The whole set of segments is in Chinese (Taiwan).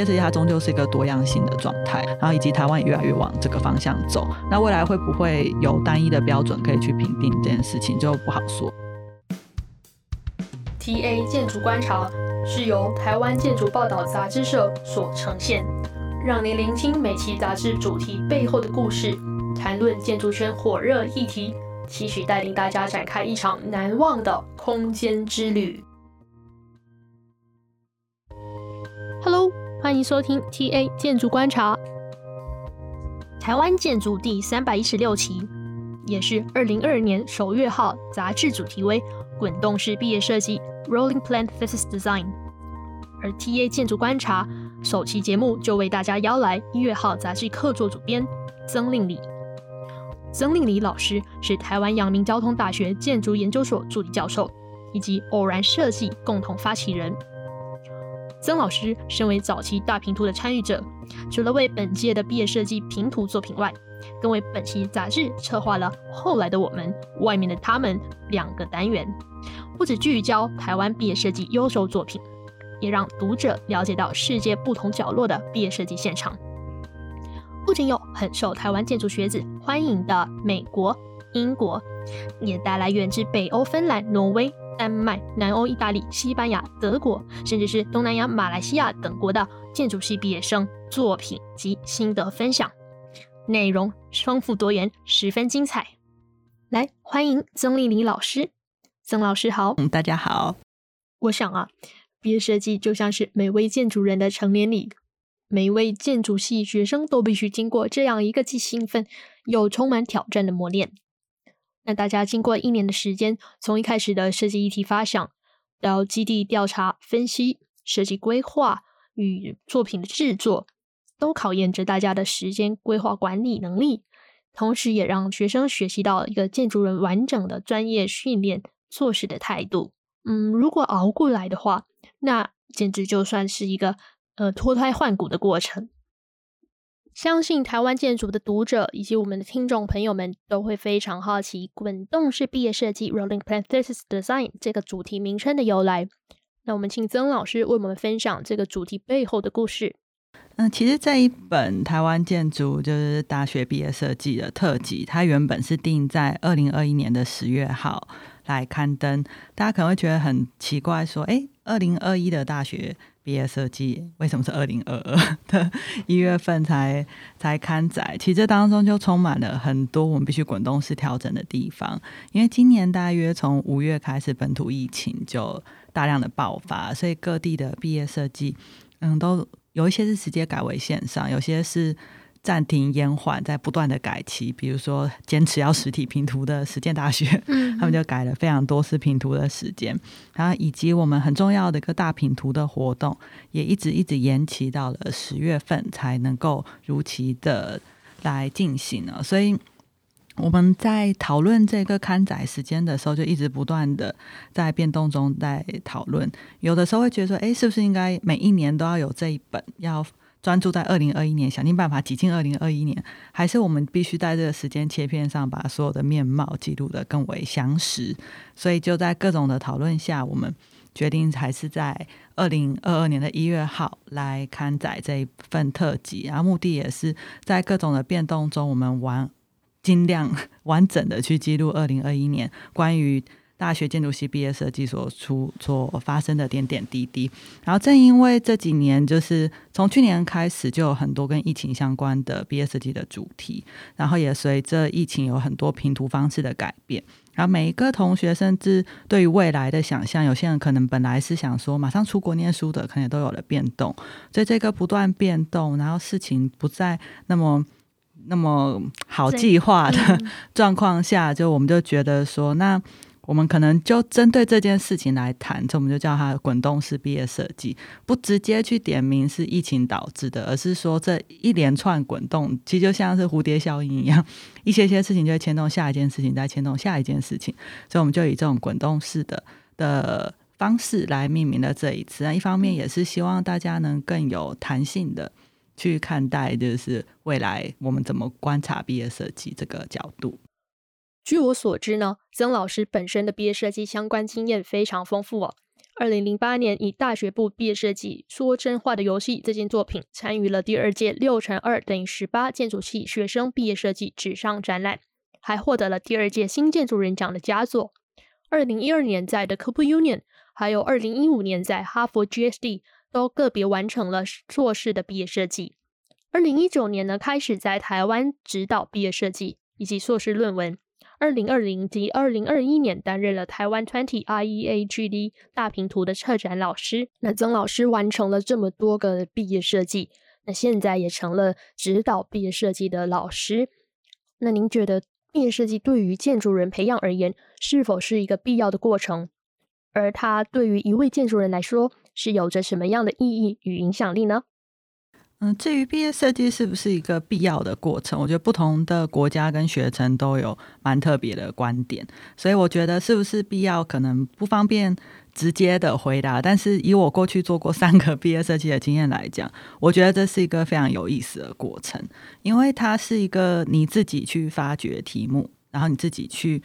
世界它終究是一個多樣性的狀態，然後以及台灣也越來越往這個方向走，那未來會不會有單一的標準可以去評定這件事情就不好說。TA 建築觀察是由台灣建築報道雜誌社所呈現，讓您聆聽每期雜誌主題背後的故事，談論建築圈火熱議題，期許帶領大家展開一場難忘的空間之旅。Hello。歡迎收聽《T A 建築觀察》台灣建築第三百一十六期，也是二零二二年首月號雜誌主題為“滾動式畢業設計 ”（Rolling Plan Thesis Design）。而《T A 建築觀察》首期節目就為大家邀來一月號雜志客座主編曾令理。曾令理老師是台灣陽明交通大學建築研究所助理教授，以及偶然設計共同發起人。曾老師身為早期大評圖的參與者，除了為本屆的畢業設計評圖作品外，更為本期雜誌策劃了“後來的我們”“外面的他們”兩個單元，不只聚焦台灣畢業設計優秀作品，也讓讀者了解到世界不同角落的畢業設計現場。不僅有很受台灣建築學子歡迎的美國、英國，也帶來源自北歐芬蘭、挪威。丹麥、南歐、意大利、西班牙、德國，甚至是東南亞、馬來西亞等國的建築系畢業生作品及心得分享，內容豐富多元，十分精彩。來，歡迎曾令理老師。曾老師好，嗯，大家好。我想啊，畢業設計就像是每位建築人的成年禮，每一位建築系學生都必須經過這樣一個既興奮又充滿挑戰的磨練。那大家經過一年的時間，從一開始的設計議題發想到基地調查、分析、設計規劃與作品的製作，都考驗着大家的時間規劃管理能力，同時也讓學生學習到一個建築人完整的專業訓練做事的態度。嗯，如果熬過來的話，那簡直就算是一個呃脫胎換骨的過程。相信台灣建築的讀者以及我們的聽眾朋友們都會非常好奇“滾動式畢業設計 （Rolling Plan Thesis Design）” 這個主題名稱的由來。那我們請曾老師為我們分享這個主題背後的故事。嗯，其實，這一本台灣建築就是大學畢業設計的特輯，它原本是定在二零二一年的十月號來刊登。大家可能會覺得很奇怪，說：“哎、欸，二零二一的大學。”畢業設計為什麼是二零二二的一月份才才刊載？其實，這當中就充滿了很多我們必須滾動式調整的地方，因為今年大約從五月開始，本土疫情就大量的爆發，所以各地的畢業設計，嗯，都有一些是直接改為線上，有些是。暫停延、延緩，在不斷的改期。比如說，堅持要實體評圖的實踐大學、嗯，他們就改了非常多次評圖的時間。然後，以及我們很重要的一個大評圖的活動，也一直一直延期到了十月份才能夠如期的來進行。所以，我們在討論這個刊載時間的時候，就一直不斷的在變動中，在討論。有的時候會覺得說，哎、欸，是不是應該每一年都要有這一本要？專注在二零二一年，想盡辦法擠進二零二一年，還是我們必須在這個時間切片上把所有的面貌記錄得更為詳實？所以就在各種的討論下，我們決定還是在二零二二年的一月號來刊載這一份特輯，然後目的也是在各種的變動中，我們完儘量完整的去記錄二零二一年關於。大學建築系畢業設計所出、所發生的點點滴滴，然後正因為這幾年，就是從去年開始，就有很多跟疫情相關的畢業設計的主題，然後也隨着疫情有很多評圖方式的改變，然後每一個同學甚至對於未來的想象，有些人可能本來是想說馬上出國念書的，可能也都有了變動。所以這個不斷變動，然後事情不再那麼那麼好計劃的狀況下，嗯嗯，就我們就覺得說那。我們可能就針對這件事情來談，所以我們就叫它“滾動式畢業設計”，不直接去點名是疫情導致的，而是說這一連串滾動，其實就像是蝴蝶效應一樣，一些些事情就會牽動下一件事情，再牽動下一件事情，所以我們就以這種滾動式的的方式來命名了這一次。那一方面也是希望大家能更有彈性的去看待，就是未來我們怎麼觀察畢業設計這個角度。據我所知呢，曾老師本身的畢業設計相關經驗非常豐富哦。二零零八年以大學部畢業設計《說真話的遊戲》這件作品，參與了第二屆六乘二等於十八建築系學生畢業設計紙上展覽，還獲得了第二屆新建築人獎的佳作。二零一二年在 The Cooper Union，還有二零一五年在哈佛 GSD 都個別完成了碩士的畢業設計。二零一九年呢，開始在台灣指導畢業設計以及碩士論文。二零二零及二零二一年擔任了台灣 Twenty I E A G D 大評圖的策展老師。那曾老師完成了這麼多個畢業設計，那現在也成了指導畢業設計的老師。那您覺得畢業設計對於建築人培養而言，是否是一個必要的過程？而它對於一位建築人來說，是有着什麼樣的意義與影響力呢？嗯，至於畢業設計是不是一個必要的過程，我覺得不同的國家跟學程都有蠻特別的觀點，所以我覺得是不是必要，可能不方便直接的回答。但是以我過去做過三個畢業設計的經驗來講，我覺得這是一個非常有意思的過程，因為它是一個你自己去發掘題目，然後你自己去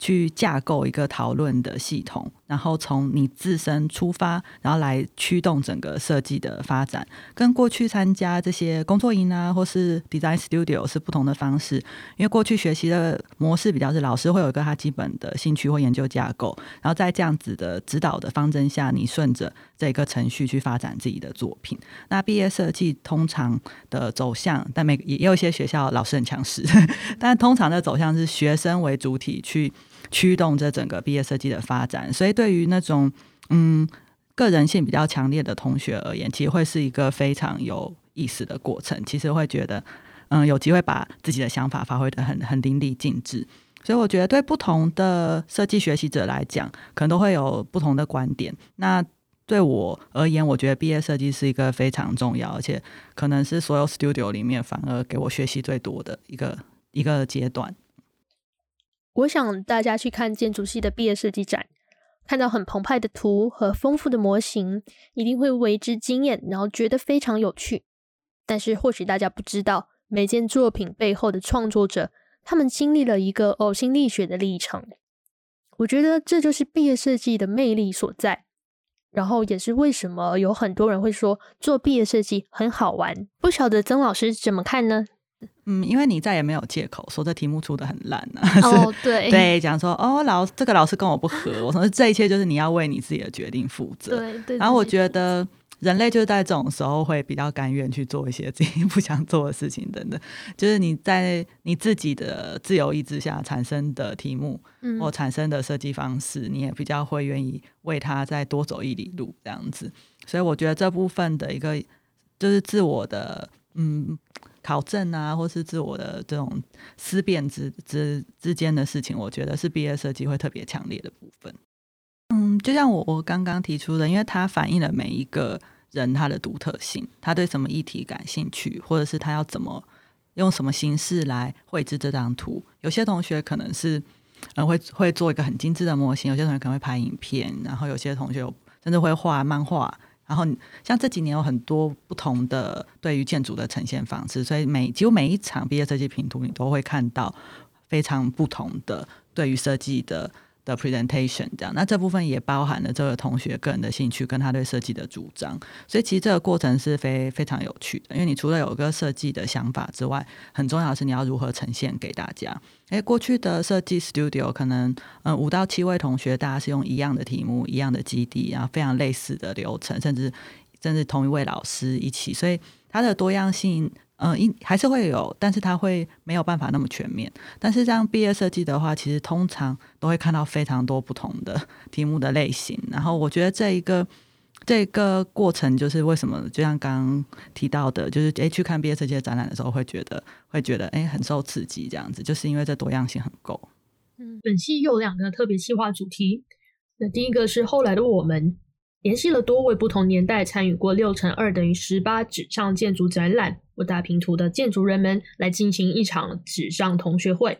去架構一個討論的系統。然後從你自身出發，然後來驅動整個設計的發展，跟過去參加這些工作營啊，或是 design studio 是不同的方式。因為過去學習的模式比較是老師會有一個他基本的興趣或研究架構，然後在這樣子的指導的方針下，你順着這個程序去發展自己的作品。那畢業設計通常的走向，但每也有一些學校老師很強勢，呵呵，但通常的走向是學生為主體去。驅動著整個畢業設計的發展，所以對於那種嗯個人性比較強烈的同學而言，其實會是一個非常有意思的過程。其實會覺得嗯有機會把自己的想法發揮得很很淋漓盡致。所以我覺得對不同的設計學習者來講，可能都會有不同的觀點。那對我而言，我覺得畢業設計是一個非常重要，而且可能是所有 studio 裡面反而給我學習最多的一個一個階段。我想大家去看建築系的畢業設計展，看到很澎湃的圖和豐富的模型，一定會為之驚艷，然後覺得非常有趣。但是或許大家不知道，每件作品背後的創作者，他們經歷了一個嘔心瀝血的歷程。我覺得這就是畢業設計的魅力所在，然後也是為什麼有很多人會說做畢業設計很好玩。不曉得曾老師怎麼看呢？嗯，因為你再也沒有借口說這題目出得很爛、啊 oh, 對對，講說哦，老這個老師跟我不合，我說這一切就是你要為你自己的決定負責。 對對。然後我覺得人類就是在這種時候會比較甘願去做一些自己不想做的事情，等等。就是你在你自己的自由意志下產生的題目或產生的設計方式、嗯，你也比較會願意為他再多走一里路這樣子。所以我覺得這部分的一個就是自我的嗯。考證啊，或是自我的這種思辨之之之間的事情，我覺得是畢業設計會特別強烈的部分。嗯，就像我我剛剛提出的，因為它反映了每一個人他的獨特性，他對什麼議題感興趣，或者是他要怎麼用什麼形式來繪製這張圖。有些同學可能是嗯、呃、會會做一個很精緻的模型，有些同學可能會拍影片，然後有些同學有甚至會畫漫畫。然後，像這幾年有很多不同的對於建築的呈現方式，所以每幾乎每一場畢業設計評圖，你都會看到非常不同的對於設計的。的 presentation 這樣，那這部分也包含了這個同學個人的興趣跟他對設計的主張，所以其實這個過程是非非常有趣的，因為你除了有一個設計的想法之外，很重要的是你要如何呈現給大家。誒、欸，過去的設計 studio 可能嗯五到七位同學，大家是用一樣的題目、一樣的基地，然後非常類似的流程，甚至甚至同一位老師一起，所以它的多樣性。嗯，還是會有，但是他會沒有辦法那麼全面。但是像畢業設計的話，其實通常都會看到非常多不同的題目的類型。然後我覺得這一個這一個過程，就是為什麼就像剛提到的，就是誒去看畢業設計的展覽的時候會覺得，會覺得會覺得誒很受刺激這樣子，就是因為這多樣性很夠。嗯，本期有兩個特別企劃主題，那第一個是後來的我們聯繫了多位不同年代參與過六乘二等於十八紙上建築展覽我大評圖的建築人們來進行一場紙上同學會，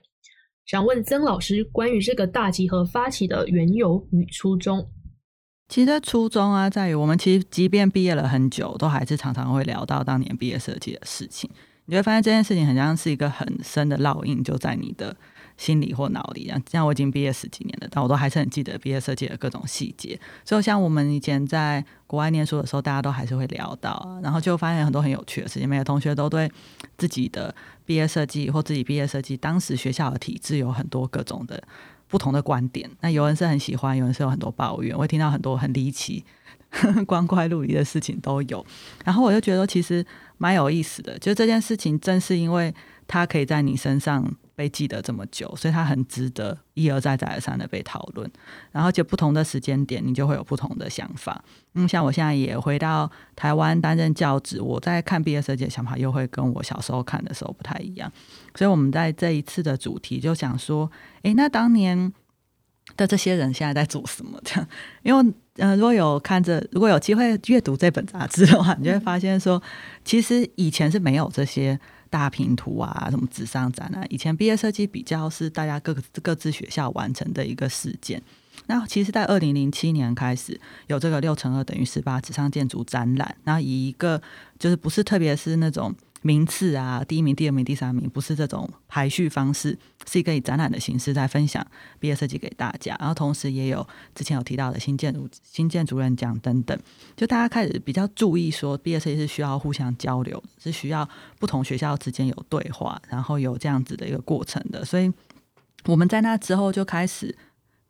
想問曾老師關於這個大集合發起的緣由與初衷。其實初衷啊，在於我們其實即便畢業了很久，都還是常常會聊到當年畢業設計的事情。你會發現這件事情很像是一個很深的烙印，就在你的。心理或腦力，像我已經畢業十幾年了，但我都還是很記得畢業設計的各種細節。所以像我們以前在國外念書的時候，大家都還是會聊到，然後就發現很多很有趣的事情。每個同學都對自己的畢業設計或自己畢業設計當時學校的體制有很多各種的不同的觀點。那有人是很喜歡，有人是有很多抱怨。我會聽到很多很離奇、呵呵光怪陸離的事情都有。然後我就覺得其實蠻有意思的，就這件事情，正是因為它可以在你身上。被記得這麼久，所以他很值得一而再、再而三的被討論。然後，就不同的時間點，你就會有不同的想法。嗯，像我現在也回到台灣擔任教職，我在看畢業設計的想法又會跟我小時候看的時候不太一樣。所以，我們在這一次的主題就想說：誒、欸，那當年的這些人現在在做什麼？這樣，因為嗯、呃，如果有看着，如果有機會閱讀這本雜誌的話，你就會發現說，其實以前是沒有這些。大平圖啊，什麼紙上展覽。以前畢業設計比較是大家各個、各自學校完成的一個事件。那其實，在二零零七年開始有這個六乘二等於十八紙上建築展覽，那以一個就是不是特別是那種。名次啊，第一名、第二名、第三名，不是這種排序方式，是一個以展覽的形式在分享畢業設計給大家。然後同時也有之前有提到的新建築、新建築人獎等等，就大家開始比較注意說，畢業設計是需要互相交流，是需要不同學校之間有對話，然後有這樣子的一個過程的。所以我們在那之後就開始。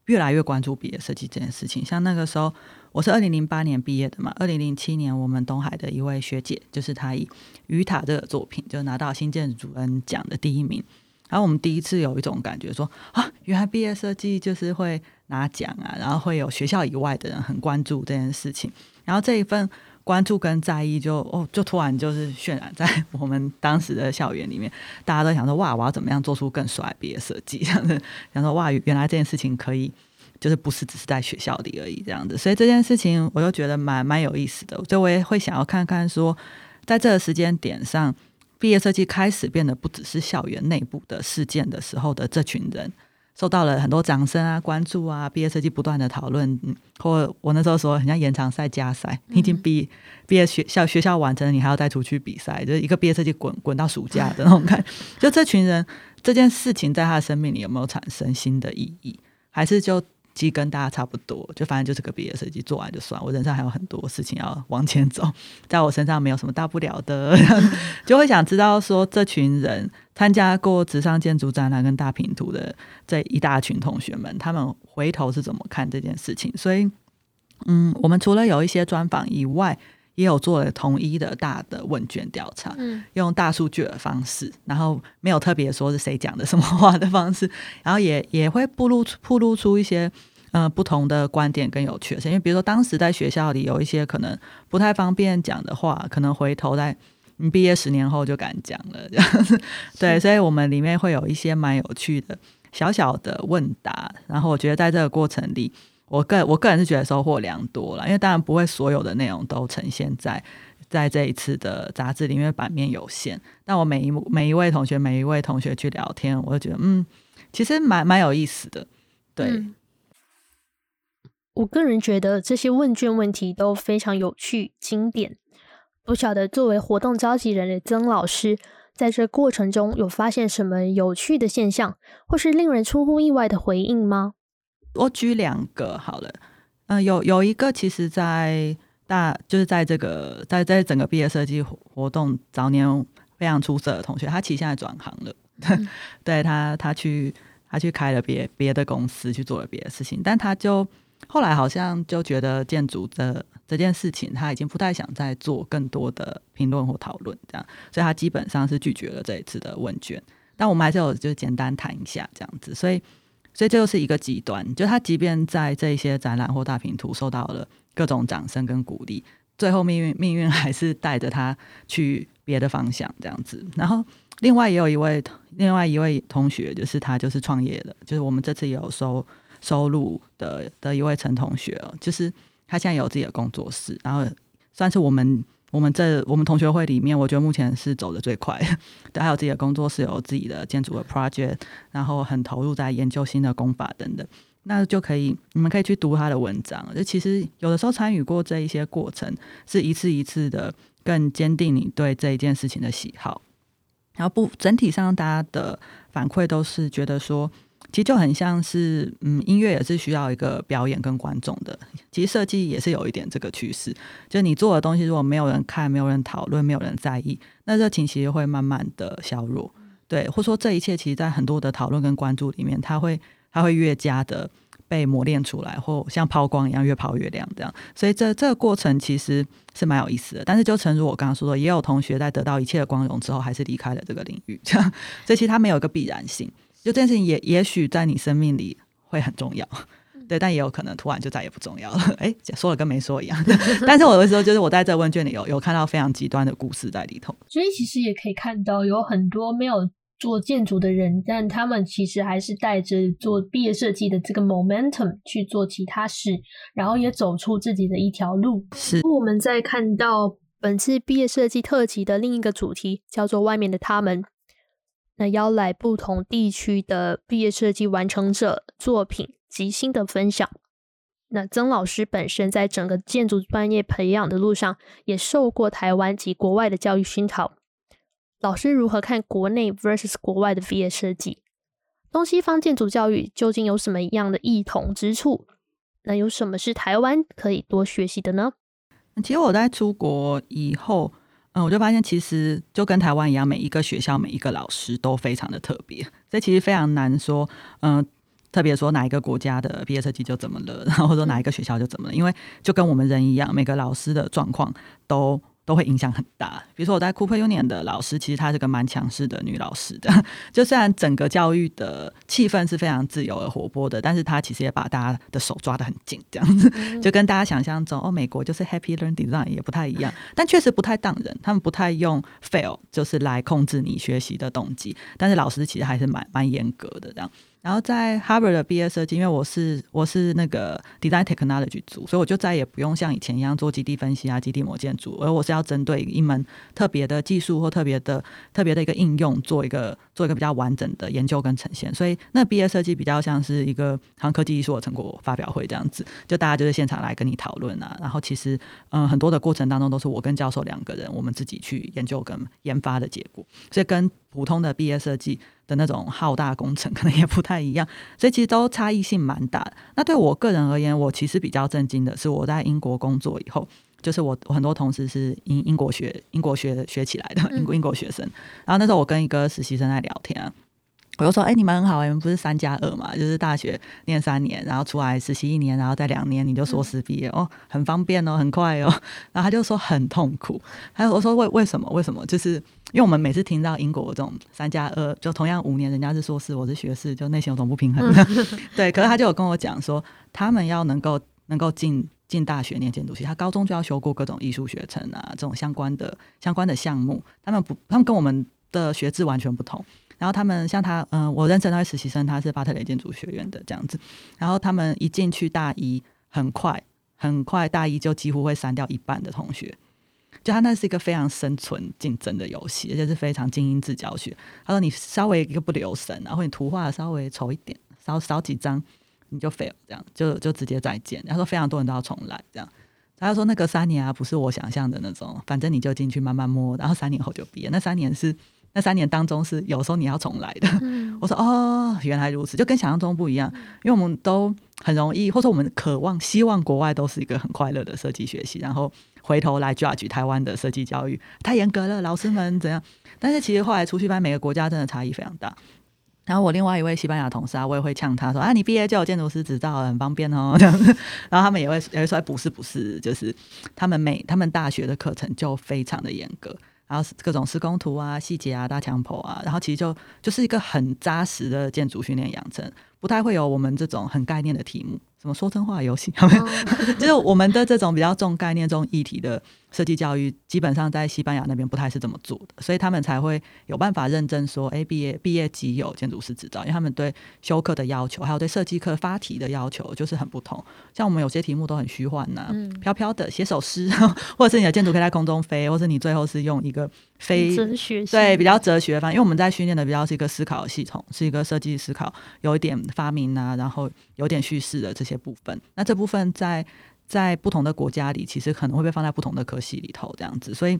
越來越關注畢業設計這件事情。像那個時候，我是二零零八年畢業的嘛。二零零七年，我們東海的一位學姐，就是她以魚塔這個作品，就拿到新建築主任獎的第一名。然後我們第一次有一種感覺說，說啊，原來畢業設計就是會拿獎啊，然後會有學校以外的人很關注這件事情。然後這一份。關注跟在意就，就哦，就突然就是渲染在我們當時的校園裡面，大家都想說哇，我要怎麼樣做出更帥畢業設計？這樣子，想說哇，原來這件事情可以就是不是只是在學校裡而已這樣子，所以這件事情我就覺得蠻蠻有意思的，就我也會想要看看說，在這個時間點上，畢業設計開始變得不只是校園內部的事件的時候的這群人。受到了很多掌聲啊，關注啊，畢業設計不斷的討論。嗯、或者我那時候說，很像延長賽、加賽、嗯，你已經畢業畢業學校學校完成了，你還要再出去比賽，就是一個畢業設計滾滾到暑假的那種感覺。 就這群人，這件事情在他的生命裡有沒有產生新的意義，還是就？跟大家差不多，就反正就是個畢業設計做完就算。我人生還有很多事情要往前走，在我身上沒有什麼大不了的， 就會想知道說這群人參加過紙上建築展覽跟大評圖的這一大群同學們，他們回頭是怎麼看這件事情？所以，嗯，我們除了有一些專訪以外。也有做了統一的大的問卷調查，嗯，用大數據的方式，然後沒有特別說是誰講的什麼話的方式，然後也也會曝露出曝露出一些嗯、呃、不同的觀點跟有趣的事，的因為比如說當時在學校裡有一些可能不太方便講的話，可能回頭在你畢、嗯、業十年後就敢講了，這、就、樣、是、對，所以我們裡面會有一些蠻有趣的小小的問答，然後我覺得在這個過程裡。我個我個人是覺得收穫良多了，因為當然不會所有的內容都呈現在在這一次的雜誌裡面，版面有限。但我每一每一位同學，每一位同學去聊天，我就覺得嗯，其實蠻蠻有意思的。對。嗯，我個人覺得這些問卷問題都非常有趣、經典。不曉得作為活動召集人的曾老師，在這過程中有發現什麼有趣的現象，或是令人出乎意外的回應嗎？我舉兩個好了，嗯、呃，有有一個，其實，在大就是在這個在在整個畢業設計活動早年非常出色的同學，他其實現在轉行了，嗯、 對他他去他去開了別別的公司去做了別的事情，但他就後來好像就覺得建築的這件事情他已經不太想再做更多的評論或討論這樣，所以他基本上是拒絕了這一次的問卷，但我們還是有就簡單談一下這樣子，所以。所以這就是一個極端，就他即便在這些展覽或大評圖，受到了各種掌聲跟鼓勵，最後命運命運還是帶着他去別的方向這樣子。然後另外也有一位同，另外一位同學，就是他就是創業的，就是我們這次有收，收入的的一位陳同學，就是他現在有自己的工作室，然後算是我們。我們這我們同學會裡面，我覺得目前是走的最快的，還有自己的工作室，有自己的建築的 project，然後很投入在研究新的工法等等，那就可以你們可以去讀他的文章。就其實有的時候參與過這一些過程，是一次一次的更堅定你對這一件事情的喜好。然後不整體上大家的反饋都是覺得說。其實就很像是，嗯，音樂也是需要一個表演跟觀眾的。其實設計也是有一點這個趨勢，就是你做的東西，如果沒有人看、沒有人討論、沒有人在意，那熱情其實會慢慢的削弱。對，或者說這一切其實，在很多的討論跟關注裡面，它會它會越加的被磨練出來，或像拋光一樣越拋越亮這樣。所以這這個過程其實是蠻有意思的。但是就誠如我剛剛說的，也有同學在得到一切的光榮之後，還是離開了這個領域。這樣，所以其實它沒有一個必然性。就這件事情也也許在你生命裡會很重要，對，但也有可能突然就再也不重要了。誒，說了跟沒說一樣。但是我的意思就是我在這問卷裡有有看到非常極端的故事在裡頭，所以其實也可以看到有很多沒有做建築的人，但他們其實還是帶着做畢業設計的這個 momentum 去做其他事，然後也走出自己的一條路。是。我們在看到本次畢業設計特輯的另一個主題叫做“外面的他們”。那邀來不同地區的畢業設計完成者作品及心得分享。那曾老師本身在整個建築專業培養的路上，也受過台灣及國外的教育熏陶。老師如何看國內 vs 國外的畢業設計？東西方建築教育究竟有什麼樣的異同之處？那有什麼是台灣可以多學習的呢？其實我在出國以後。嗯，我就發現其實就跟台灣一樣，每一個學校、每一個老師都非常的特別，這其實非常難說，嗯、呃，特別說哪一個國家的畢業設計就怎麼了，然後說哪一個學校就怎麼了，因為就跟我們人一樣，每個老師的狀況都。都會影響很大。比如說，我在 Cooper Union 的老師，其實她是個蠻強勢的女老師的。就雖然整個教育的氣氛是非常自由而活潑的，但是她其實也把大家的手抓得很緊，這樣子。就跟大家想象中，哦，美國就是 happy learning design 也不太一樣。但確實不太當人，他們不太用 fail 就是來控制你學習的動機。但是老師其實還是蠻蠻嚴格的這樣。然後在 Harvard 的畢業設計，因為我是我是那個 Design Technology 組，所以我就再也不用像以前一樣做基地分析啊、基地模建組，而我是要針對一門特別的技術或特別的特別的一個應用做一個做一個比較完整的研究跟呈現，所以那畢業設計比較像是一個高科技藝術的成果發表會這樣子，就大家就在現場來跟你討論啊。然後其實嗯，很多的過程當中都是我跟教授兩個人我們自己去研究跟研發的結果，所以跟。普通的畢業設計的那種浩大工程可能也不太一樣，所以其實都差異性蠻大的。那對我個人而言，我其實比較震驚的是，我在英國工作以後，就是我我很多同事是英英國學英國學學起來的英國英國學生。然後那時候我跟一個實習生在聊天，啊。我就說，哎、欸，你們很好、欸，你們不是三加二嘛？就是大學念三年，然後出來實習一年，然後再兩年你就碩士畢業哦，很方便哦，很快哦。然後他就說很痛苦。他我說為為什麼？為什麼？就是因為我們每次聽到英國的這種三加二，就同樣五年，人家是碩士，我是學士，就內心有種不平衡。 對，可是他就有跟我講說，他們要能夠能夠進進大學念建築系，他高中就要修過各種藝術學程啊，這種相關的相關的項目。他們不，他們跟我們的學制完全不同。然後他們像他，嗯，我認識的那位實習生，他是巴特雷建築學院的這樣子。然後他們一進去大一，很快很快，大一就幾乎會刪掉一半的同學。就他那是一個非常生存競爭的遊戲，而且是非常精英制教學。他說你稍微一個不留神，然後你圖畫稍微醜一點，少少幾張你就 fail，這樣就就直接再見。他說非常多人都要重來，這樣。他就說那個三年啊，不是我想象的那種，反正你就進去慢慢摸，然後三年後就畢業。那三年是。那三年當中是有時候你要重來的，嗯、我說哦，原來如此，就跟想象中不一樣，因為我們都很容易，或者我們渴望、希望國外都是一個很快樂的設計學習，然後回頭來 judge 台灣的設計教育太嚴格了，老師們怎樣？但是其實後來出去班，每個國家真的差異非常大。然後我另外一位西班牙同事啊，我也會嗆他說啊，你畢業就有建築師執照了，很方便哦，這樣子。然後他們也會也會說，不是不是，就是他們每他們大學的課程就非常的嚴格。然後各種施工圖啊、細節啊、大牆剖啊，然後其實就就是一個很紮實的建築訓練養成，不太會有我們這種很概念的題目，什麼說真話遊戲，沒有，就是我們的這種比較重概念、重議題的，設計教育基本上在西班牙那邊不太是這麼做的，所以他們才會有辦法認證說，誒、欸，畢業畢業即有建築師執照，因為他們對修課的要求，還有對設計課發題的要求就是很不同。像我們有些題目都很虛幻吶、啊，飄、嗯、飄的寫首詩，或者是你的建築可以在空中飛，或者是你最後是用一個飛，對比較哲學的方，因為我們在訓練的比較是一個思考系統，是一個設計思考，有一點發明啊，然後有點敘事的這些部分。那這部分在。在不同的國家裡，其實可能會被放在不同的科系裡頭，這樣子。所以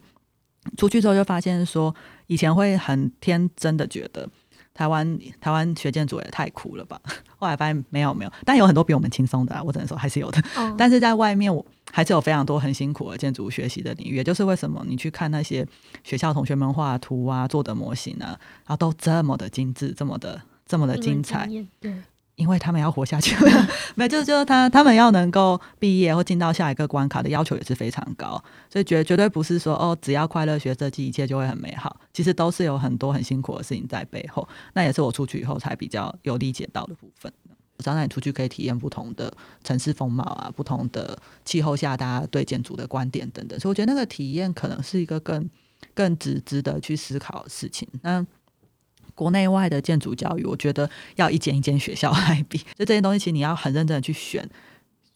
出去之後就發現，說以前會很天真的覺得台灣台灣學建築也太苦了吧。後來發現沒有沒有，但有很多比我們輕鬆的啊。我只能說還是有的。但是在外面，我還是有非常多很辛苦的建築學習的領域。也就是為什麼你去看那些學校同學們畫圖啊、做的模型啊，然後啊都這麼的精致、這麼的、這麼的精彩，因為他們要活下去， 沒，就是就是他他們要能夠畢業或進到下一個關卡的要求也是非常高，所以絕絕對不是說哦，只要快樂學設計，一切就會很美好。其實都是有很多很辛苦的事情在背後。那也是我出去以後才比較有理解到的部分。我知道那你出去可以體驗不同的城市風貌啊，不同的氣候下大家對建築的觀點等等。所以我覺得那個體驗可能是一個更更值值得去思考的事情。那。國內外的建築教育，我覺得要一間一間學校來比，所以這些東西其實你要很認真的去選，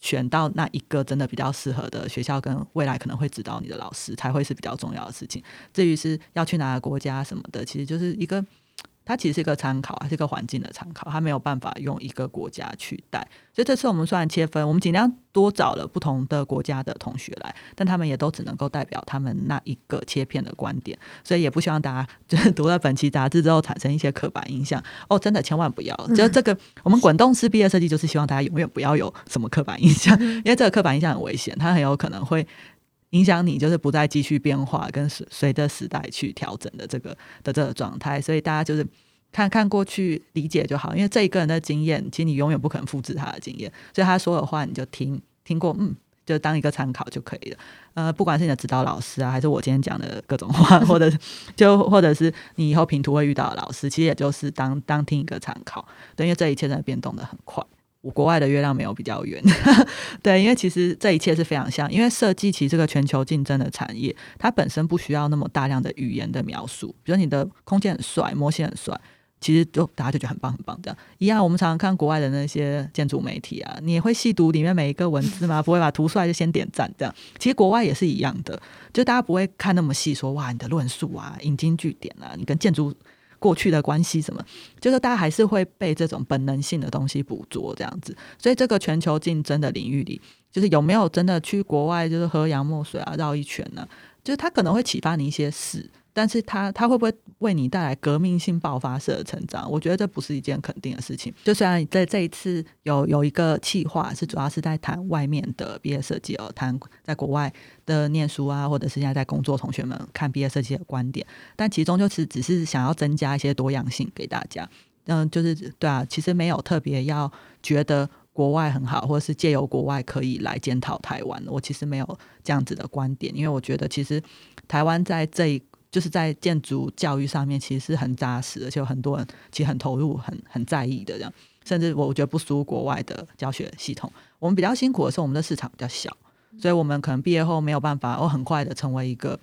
選到那一個真的比較適合的學校，跟未來可能會指導你的老師，才會是比較重要的事情。至於是要去哪個國家什麼的，其實就是一個。它其實是一個參考，還是一個環境的參考，它沒有辦法用一個國家去帶，所以這次我們雖然切分，我們儘量多找了不同的國家的同學來，但他們也都只能夠代表他們那一個切片的觀點。所以也不希望大家就是讀了本期雜誌之後產生一些刻板印象。哦，真的千萬不要！嗯、就這個，我們滾動式畢業設計就是希望大家永遠不要有什麼刻板印象，因為這個刻板印象很危險，它很有可能會。影響你就是不再繼續變化，跟隨隨着時代去調整的這個的這個狀態，所以大家就是看看過去理解就好，因為這一個人的經驗，其實你永遠不可能複製他的經驗，所以他說的話你就聽聽過，嗯，就當一個參考就可以了。呃，不管是你的指導老師啊，還是我今天講的各種話， 或者就或者是你以後評圖會遇到的老師，其實也就是當當聽一個參考，對，因為這一切真的變動得很快。我國外的月亮沒有比較圓， 對，因為其實這一切是非常像，因為設計其實這個全球競爭的產業，它本身不需要那麼大量的語言的描述，比如說你的空間很帥，模型很帥，其實就大家就覺得很棒很棒這樣。一樣，我們常常看國外的那些建築媒體啊，你也會細讀裡面每一個文字嗎？不會吧，圖帥就先點讚這樣。其實國外也是一樣的，就大家不會看那麼細，說哇你的論述啊，引經據典啊，你跟建築。過去的關係什麼，就是大家還是會被這種本能性的東西捕捉這樣子，所以這個全球競爭的領域裡，就是有沒有真的去國外就是喝洋墨水啊繞一圈呢啊？就是他可能會啟發你一些事。但是它他，他會不會為你帶來革命性爆發式的成長？我覺得這不是一件肯定的事情。就雖然在這一次有有一個企劃是主要是在談外面的畢業設計，哦，談在國外的念書啊，或者是現在在工作，同學們看畢業設計的觀點。但其中就是只是想要增加一些多樣性給大家。嗯，就是對啊，其實沒有特別要覺得國外很好，或者是借由國外可以來檢討台灣。我其實沒有這樣子的觀點，因為我覺得其實台灣在這一。就是在建築教育上面其實是很扎實的，其實很扎實，而且有很多人其實很投入、很很在意的這樣。甚至我我覺得不輸國外的教學系統。我們比較辛苦的是我們的市場比較小，所以我們可能畢業後沒有辦法，我、哦、很快的成為一個。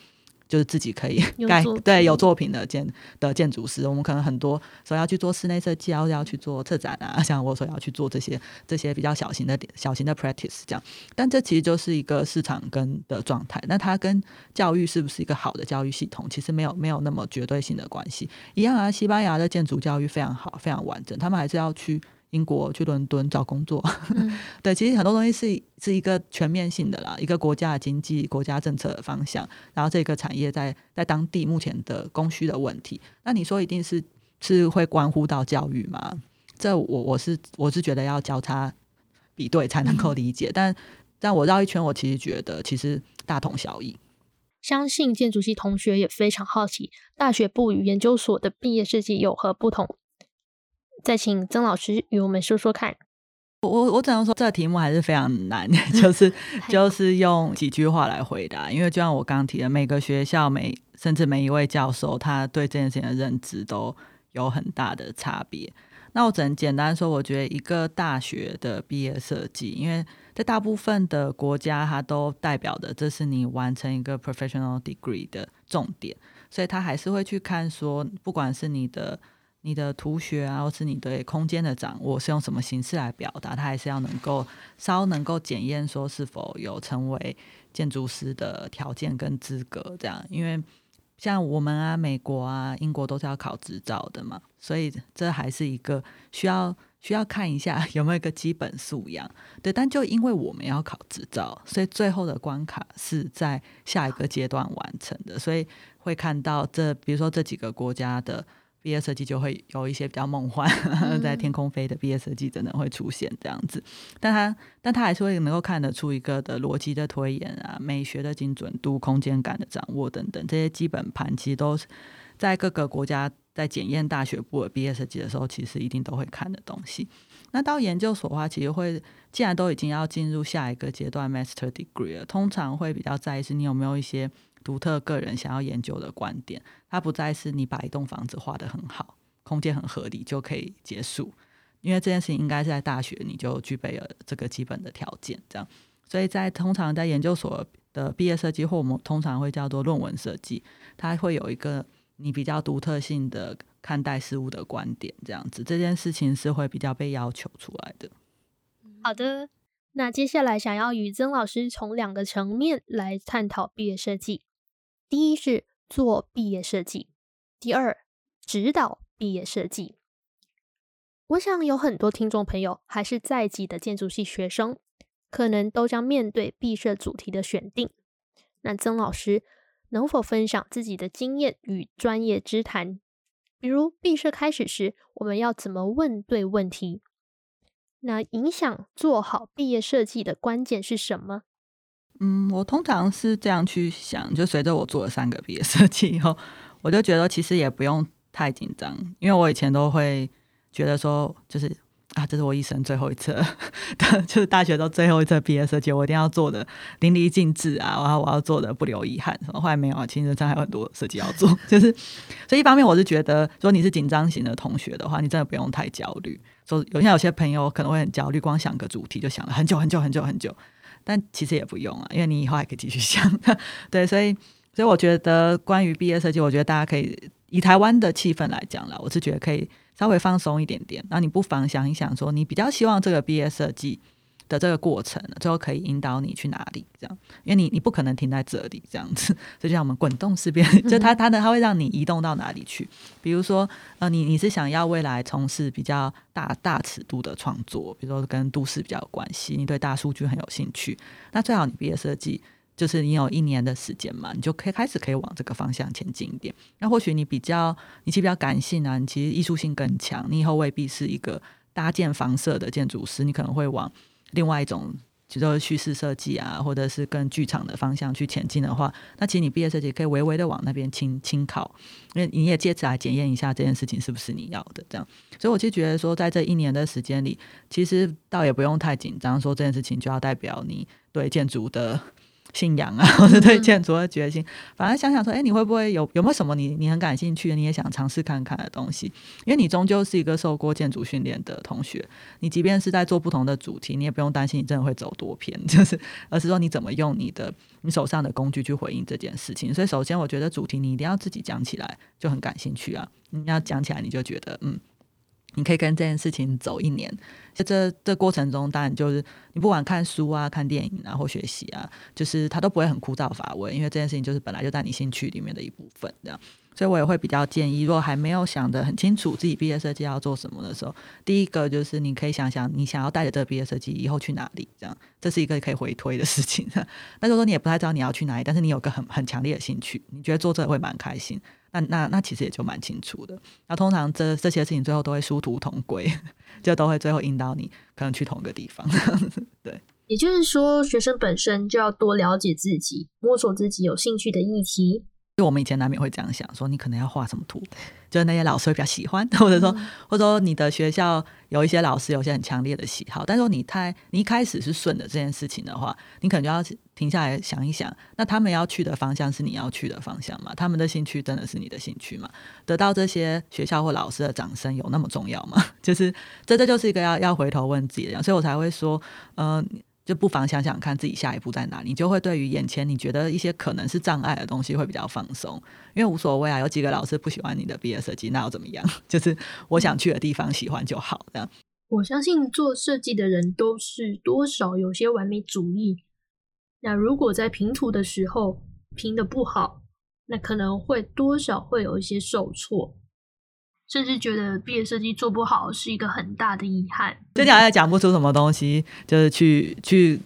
就是自己可以蓋 對有作品的建的建築師，我們可能很多時候要去做室內設計，要要去做策展啊，像我所要去做這些這些比較小型的小型的 practice 這樣，但這其實就是一個市場跟的狀態。那它跟教育是不是一個好的教育系統，其實沒有沒有那麼絕對性的關係。一樣啊，西班牙的建築教育非常好，非常完整，他們還是要去。英國去倫敦找工作，嗯， 對，其實很多東西是是一個全面性的啦，一個國家的經濟、國家政策的方向，然後這個產業在在當地目前的供需的問題，那你說一定是是會關乎到教育嗎？這我我是我是覺得要交叉比對才能夠理解，嗯、但但我繞一圈，我其實覺得其實大同小異。相信建築系同學也非常好奇，大學部與研究所的畢業設計有何不同？再請曾老師與我們說說看。我我只能說，這題目還是非常難，就是 就是用幾句話來回答。因為就像我剛提的，每個學校每、每甚至每一位教授，他對這件事情的認知都有很大的差別。那我只能簡單說，我覺得一個大學的畢業設計，因為在大部分的國家，它都代表的這是你完成一個 professional degree 的重點，所以他還是會去看說，不管是你的。你的圖學啊，或是你對空間的掌握是用什麼形式來表達？它還是要能夠稍能夠檢驗，說是否有成為建築師的條件跟資格這樣。因為像我們啊，美國啊，英國都是要考執照的嘛，所以這還是一個需要需要看一下有沒有一個基本素養。對，但就因為我們要考執照，所以最後的關卡是在下一個階段完成的，所以會看到這比如說這幾個國家的。畢業設計就會有一些比較夢幻，嗯、 在天空飛的畢業設計真的會出現這樣子，但他但他還是會能夠看得出一個的邏輯的推演啊、美學的精準度、空間感的掌握等等這些基本盤，其實都是在各個國家在檢驗大學部的畢業設計的時候，其實一定都會看的東西。那到研究所的話，其實會既然都已經要進入下一個階段 Master Degree 了，通常會比較在意是你有沒有一些。獨特個人想要研究的觀點，它不再是你把一棟房子畫得很好，空間很合理就可以結束，因為這件事情應該是在大學你就具備了這個基本的條件，這樣，所以在通常在研究所的畢業設計，或我們通常會叫做論文設計，它會有一個你比較獨特性的看待事物的觀點，這樣子，這件事情是會比較被要求出來的。好的，那接下來想要與曾老師從兩個層面來探討畢業設計。第一是做畢業設計，第二，指導畢業設計。我想有很多聽眾朋友還是在籍的建築系學生，可能都將面對畢設主題的選定。那曾老師能否分享自己的經驗與專業之談？比如畢設開始時，我們要怎麼問對問題？那影響做好畢業設計的關鍵是什麼？嗯，我通常是這樣去想，就隨着我做了三個畢業設計以後，我就覺得其實也不用太緊張，因為我以前都會覺得說，就是啊，這是我一生最後一次， 就是大學的最後一次畢業設計，我一定要做的淋漓盡致啊，然後我要做的不留遺憾什麼，後來沒有啊，其實現在還有很多設計要做， 就是所以一方面我是覺得，說你是緊張型的同學的話，你真的不用太焦慮，說有像有些朋友可能會很焦慮，光想個主題就想了很久很久很久很久。但其實也不用啊，因為你以後還可以繼續想， 對，所以所以我覺得關於畢業設計，我覺得大家可以以台灣的氣氛來講啦，我是覺得可以稍微放鬆一點點，然後你不妨想一想，說你比較希望這個畢業設計。的這個過程，最後可以引導你去哪裡？這樣，因為你你不可能停在這裡，這樣子。所以就像我們滾動式變， 就它它呢，它會讓你移動到哪裡去？比如說，呃，你你是想要未來從事比較大大尺度的創作，比如說跟都市比較有關係，你對大數據很有興趣，那最好你畢業設計就是你有一年的時間嘛，你就可以開始可以往這個方向前進一點。那或許你比較你其實比較感性啊，你其實藝術性更強，你以後未必是一個搭建房舍的建築師，你可能會往。另外一種，比如說敘事設計啊，或者是跟劇場的方向去前進的話，那其實你畢業設計可以微微的往那邊輕輕靠，因為你也借此來檢驗一下這件事情是不是你要的這樣。所以我就覺得說，在這一年的時間裡，其實倒也不用太緊張，說這件事情就要代表你對建築的。信仰啊，或者對建築的決心，嗯啊、反而想想說，誒、欸，你會不會有有沒有什麼你你很感興趣的，你也想嘗試看看的東西？因為你終究是一個受過建築訓練的同學，你即便是在做不同的主題，你也不用擔心你真的會走多偏，就是而是說你怎麼用你的你手上的工具去回應這件事情。所以，首先我覺得主題你一定要自己講起來就很感興趣啊，你要講起來你就覺得嗯。你可以跟這件事情走一年，在這這過程中，當然就是你不管看書啊、看電影啊或學習啊，就是它都不會很枯燥乏味，因為這件事情就是本來就在你興趣裡面的一部分，這樣。所以我也會比較建議，如果還沒有想得很清楚自己畢業設計要做什麼的時候，第一個就是你可以想想你想要帶着這個畢業設計以後去哪裡，這樣，這是一個可以回推的事情。那如果說你也不太知道你要去哪裡，但是你有個很很強烈的興趣，你覺得做這個會蠻開心。那那那其實也就蠻清楚的。那、啊、通常這這些事情最後都會殊途同歸，就都會最後引導你可能去同一個地方。對，也就是說，學生本身就要多了解自己，摸索自己有興趣的議題。就我們以前難免會這樣想，說你可能要畫什麼圖，就是那些老師會比較喜歡，或者說、嗯，或者說你的學校有一些老師有一些很強烈的喜好。但是你太你一開始是順着這件事情的話，你可能就要停下來想一想，那他們要去的方向是你要去的方向嘛？他們的興趣真的是你的興趣嗎？得到這些學校或老師的掌聲有那麼重要嗎？就是這，這就是一個要要回頭問自己的樣子，所以我才會說，嗯、呃。就不妨想想看自己下一步在哪裡，你就會對於眼前你覺得一些可能是障礙的東西會比較放鬆，因為無所謂啊，有幾個老師不喜歡你的畢業設計，那又怎麼樣？就是我想去的地方，喜歡就好的、嗯。我相信做設計的人都是多少有些完美主義，那如果在評圖的時候評得不好，那可能會多少會有一些受挫。甚至覺得畢業設計做不好是一個很大的遺憾。真的也講不出什麼東西，就是去去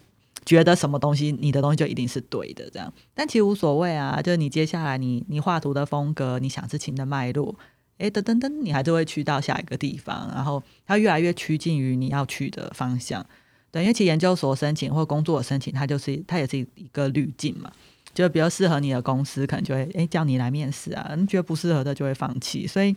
覺得什麼東西，你的東西就一定是對的這樣。但其實無所謂啊，就是你接下來你你畫圖的風格，你想事情的脈絡，哎、欸、噔噔噔，你還是會去到下一個地方，然後它越來越趨近於你要去的方向。對，因為其實研究所申請或工作申請，它就是它也是一個濾鏡嘛，就比較適合你的公司，可能就會哎、欸、叫你來面試啊，你覺得不適合的就會放棄，所以。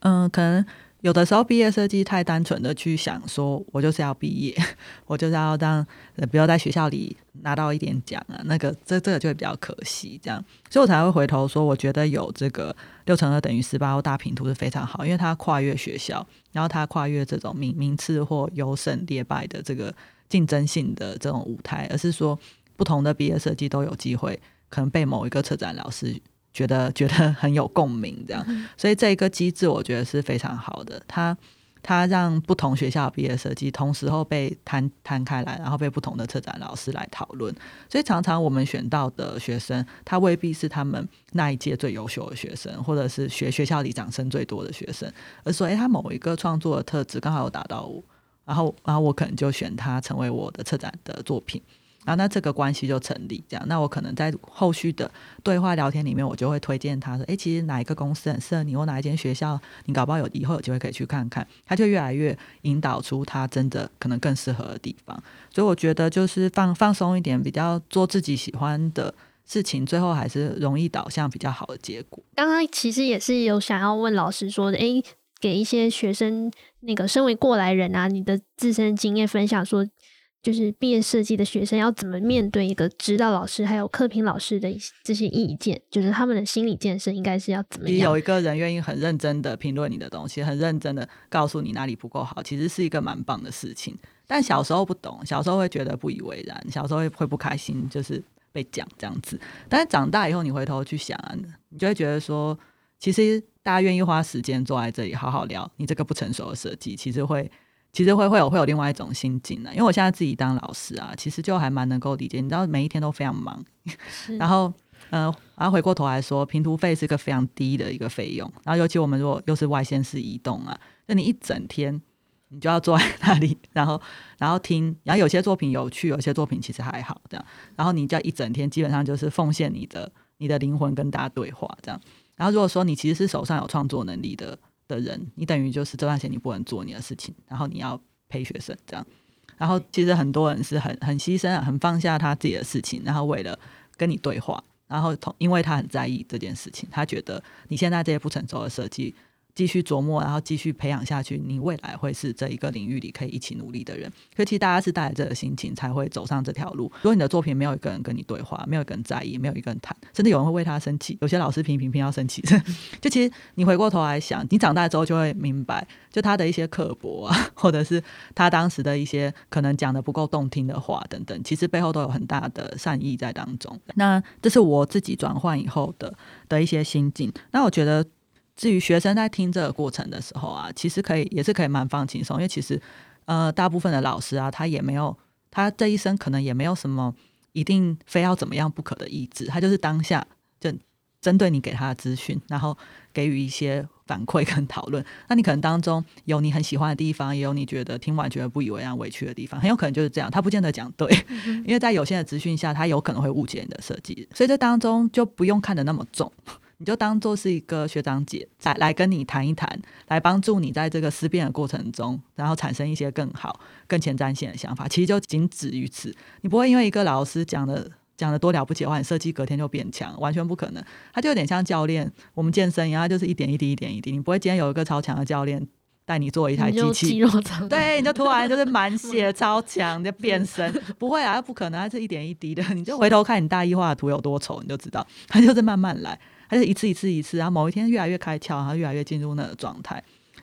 嗯，可能有的時候畢業設計太單純的去想，說我就是要畢業，我就是要讓呃不要在學校裡拿到一點獎啊，那個這這個就會比較可惜，這樣，所以我才會回頭說，我覺得有這個六乘二等於十八大評圖是非常好，因為它跨越學校，然後它跨越這種名名次或優勝劣敗的這個競爭性的這種舞台，而是說不同的畢業設計都有機會可能被某一個策展老師。覺得覺得很有共鳴，這樣，所以這一個機制我覺得是非常好的。他、嗯、他讓不同學校畢業設計同時候被攤攤開來，然後被不同的策展老師來討論。所以常常我們選到的學生，他未必是他們那一屆最優秀的學生，或者是學學校裡掌聲最多的學生，而所以他、欸、某一個創作的特質剛好有達到我，然後然後我可能就選他成為我的策展的作品。然後，那這個關係就成立。這樣，那我可能在後續的對話聊天裡面，我就會推薦他說：“哎，其實哪一個公司很適合你，或哪一間學校，你搞不好有以後有機會可以去看看。”他就越來越引導出他真的可能更適合的地方。所以我覺得，就是放放鬆一點，比較做自己喜歡的事情，最後還是容易導向比較好的結果。剛剛其實也是有想要問老師說的：“誒，給一些學生，那個身為過來人啊，你的自身經驗分享，說。”就是畢業設計的學生要怎麼面對一個指導老師，還有課評老師的這些意見，就是他們的心理建設應該是要怎麼樣？也有一個人願意很認真的評論你的東西，很認真的告訴你哪裡不夠好，其實是一個蠻棒的事情。但小時候不懂，小時候會覺得不以為然，小時候會會不開心，就是被講這樣子。但是長大以後，你回頭去想啊，你就會覺得說，其實大家願意花時間坐在這裡好好聊，你這個不成熟的設計，其實會。其實會會有會有另外一種心境呢、啊，因為我現在自己當老師啊，其實就還蠻能夠理解。你知道每一天都非常忙，然後，嗯、呃，然後回過頭來說，評圖費是一個非常低的一個費用。然後，尤其我們如果又是外縣市移動啊，那你一整天你就要坐在那裡，然後，然後聽，然後有些作品有趣，有些作品其實還好這樣。然後你就要一整天，基本上就是奉獻你的你的靈魂跟大家對話這樣。然後，如果說你其實是手上有創作能力的。的人，你等於就是這段時間你不能做你的事情，然後你要陪學生這樣，然後其實很多人是很很犧牲、很放下他自己的事情，然後為了跟你對話，然後同因為他很在意這件事情，他覺得你現在這些不成熟的設計。繼續琢磨，然後繼續培養下去，你未來會是這一個領域裡可以一起努力的人。所以，其實大家是帶着這個心情才會走上這條路。如果你的作品沒有一個人跟你對話，沒有一個人在意，沒有一個人談，甚至有人會為他生氣，有些老師評評評要生氣。 就其實你回過頭來想，你長大之後就會明白，就他的一些刻薄啊，或者是他當時的一些可能講得不夠動聽的話等等，其實背後都有很大的善意在當中。那這是我自己轉換以後的的一些心境。那我覺得。至於學生在聽這個過程的時候啊，其實可以也是可以蠻放輕鬆，因為其實呃大部分的老師啊，他也沒有他這一生可能也沒有什麼一定非要怎麼樣不可的意志，他就是當下就針對你給他的資訊，然後給予一些反饋跟討論。那你可能當中有你很喜歡的地方，也有你覺得聽完覺得不以為然、委屈的地方，很有可能就是這樣。他不見得講對，嗯，因為在有限的資訊下，他有可能會誤解你的設計，所以這當中就不用看得那麼重。你就當做是一個學長姐在來，來跟你談一談，來幫助你在這個思辨的過程中，然後產生一些更好、更前瞻性的想法。其實就僅止於此，你不會因為一個老師講的講的多了不起的話，話你設計隔天就變強，完全不可能。他就有點像教練，我們健身一樣，他就是一點一滴，一點一滴。你不會今天有一個超強的教練帶你做一台機器，對，你就突然就是滿血超強 就變身，不會啊，不可能，他是一點一滴的。你就回頭看你大一畫的圖有多醜，你就知道他就是慢慢來。但是一次一次一次啊，某一天越來越開竅，然後越來越進入那個狀態，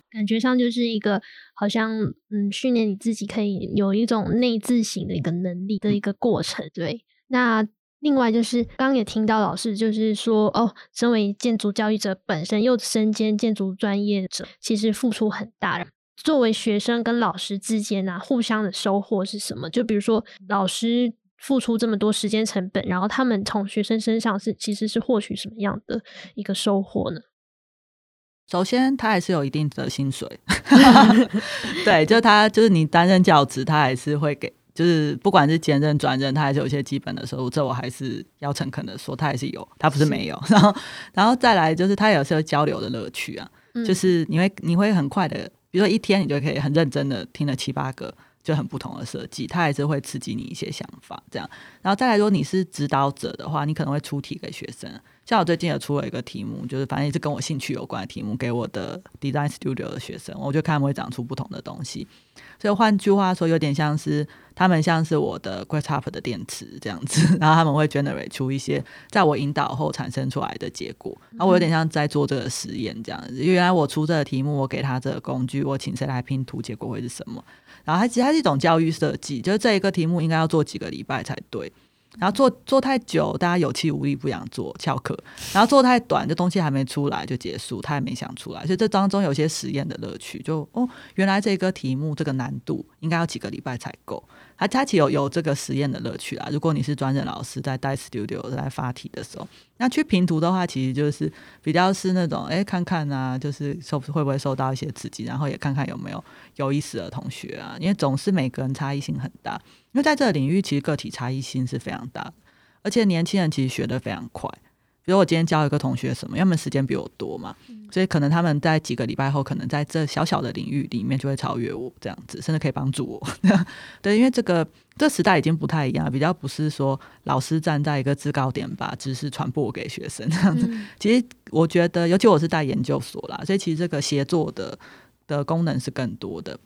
感覺上就是一個好像嗯，訓練你自己可以有一種內自省的一個能力的一個過程，對。嗯、那另外就是剛也聽到老師就是說哦，身為建築教育者本身又身兼建築專業者，其實付出很大。作為學生跟老師之間啊，互相的收穫是什麼？就比如說老師。付出這麼多時間成本，然後他們從學生身上是其實是獲取什麼樣的一個收穫呢？首先，他還是有一定的薪水， 對，就是他就是你擔任教職，他還是會給，就是不管是兼任轉任，他還是有一些基本的收入，這我還是要誠懇的說，他還是有，他不是沒有。然後，然後再來就是他也是有時候交流的樂趣啊，嗯、就是你會你會很快的，比如說一天你就可以很認真的聽了七八個。就很不同的設計，它還是會刺激你一些想法，這樣。然後再來說，你是指導者的話，你可能會出題給學生。像我最近也出了一個題目，就是反正也是跟我興趣有關的題目，給我的 Design Studio 的學生，我就看他們會長出不同的東西。所以換句話說，有點像是他們像是我的 Grasshopper 的電池這樣子，然後他們會 generate 出一些在我引導後產生出來的結果。然後我有點像在做這個實驗這樣子，因為原來我出這個題目，我給他這個工具，我請誰來拼圖，結果會是什麼？然後它其實它是一種教育設計，就是這一個題目應該要做幾個禮拜才對。然後做做太久，大家有氣無力，不想做，翹課；然後做太短，這東西還沒出來就結束，他也沒想出來。所以這當中有些實驗的樂趣，就哦，原來這個題目這個難度應該要幾個禮拜才夠。啊，他其實有有這個實驗的樂趣啊！如果你是專任老師在帶 studio 在發題的時候，那去評圖的話，其實就是比較是那種誒、欸，看看啊，就是受會不會受到一些刺激，然後也看看有沒有有意思的同學啊。因為總是每個人差異性很大，因為在這個領域其實個體差異性是非常大的，而且年輕人其實學得非常快。比如我今天教一個同學什麼，要麼時間比我多嘛，所以可能他們在幾個禮拜後，可能在這小小的領域裡面就會超越我這樣子，甚至可以幫助我。 對，因為這個這時代已經不太一樣了，比較不是說老師站在一個制高點把知識傳播給學生這樣子。嗯。其實我覺得，尤其我是帶研究所啦，所以其實這個協作的的功能是更多的。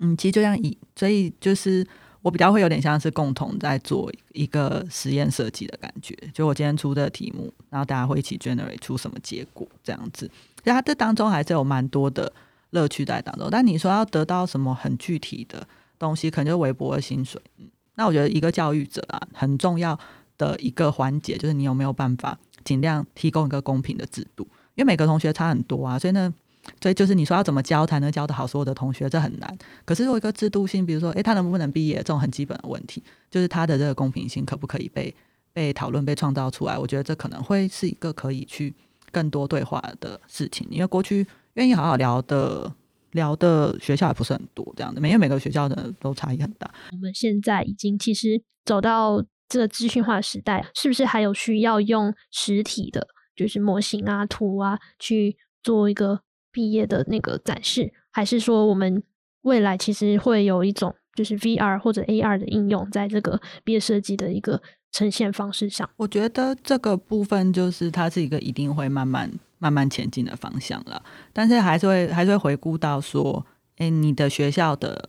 嗯，其實就像以，所以就是。我比較會有點像是共同在做一個實驗設計的感覺，就我今天出的題目，然後大家會一起 generate 出什麼結果這樣子。所以他這當中還是有蠻多的樂趣在當中。但你說要得到什麼很具體的東西，可能就是微薄的薪水。嗯，那我覺得一個教育者啊，很重要的一個環節就是你有沒有辦法盡量提供一個公平的制度，因為每個同學差很多啊，所以呢。所以就是你說要怎麼教才能教得好，所有的同學這很難。可是有一個制度性，比如說，誒，他能不能畢業這種很基本的問題，就是他的這個公平性可不可以被被討論、被創造出來？我覺得這可能會是一個可以去更多對話的事情。因為過去願意好好聊的、聊的學校還不是很多，這樣的，因為每個學校的都差異很大。我們現在已經其實走到這個資訊化時代，是不是還有需要用實體的，就是模型啊、圖啊去做一個？畢業的那個展示，還是說我們未來其實會有一種就是 VR 或者 AR 的應用在這個畢業設計的一個呈現方式上？我覺得這個部分就是它是一個一定會慢慢慢慢前進的方向了。但是還是會還是會回顧到說，哎，你的學校的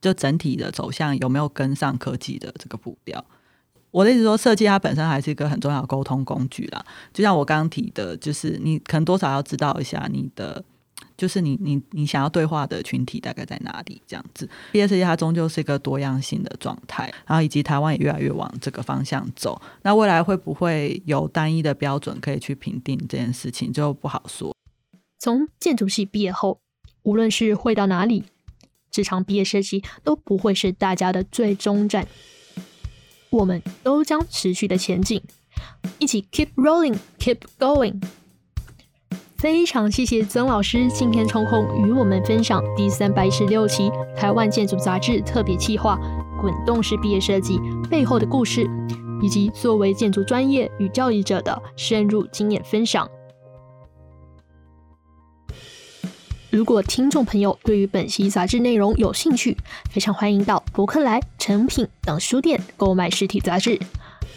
就整體的走向有沒有跟上科技的這個步調？我的意思說，設計它本身還是一個很重要的溝通工具啦。就像我剛剛提的，就是你可能多少要知道一下你的。就是你你你想要對話的群體大概在哪裡？這樣子，畢業設計它終究是一個多樣性的狀態，然後以及台灣也越來越往這個方向走。那未來會不會有單一的標準可以去評定這件事情，就不好說。從建築系畢業後，無論是會到哪裡，這場畢業設計都不會是大家的最終戰。我們都將持續的前進，一起 keep rolling，keep going。非常謝謝曾老師今天抽空與我們分享第三百一十六期《台灣建築雜誌》特別企劃“滾動式畢業設計”背後的故事，以及作為建築專業與教育者的深入經驗分享。如果聽眾朋友對於本期雜誌內容有興趣，非常歡迎到博客來、誠品等書店購買實體雜誌，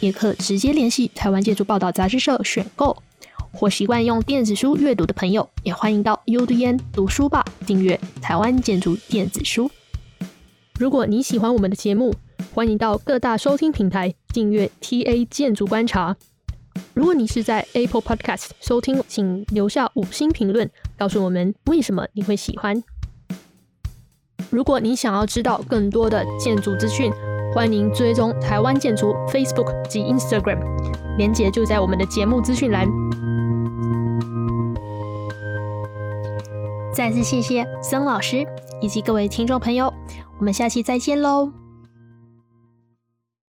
也可直接聯繫台灣建築報導雜誌社選購，或習慣用電子書閱讀的朋友，也歡迎到 UDN 讀書吧訂閱《台灣建築電子書》。如果你喜歡我們的節目，歡迎到各大收聽平台訂閱《TA 建築觀察》。如果你是在 Apple Podcast 收聽，請留下五星評論，告訴我們為什麼你會喜歡。如果你想要知道更多的建築資訊，歡迎追蹤台灣建築 Facebook 及 Instagram，連結就在我們的節目資訊欄。再次謝謝曾老師以及各位聽眾朋友，我們下期再見嘍。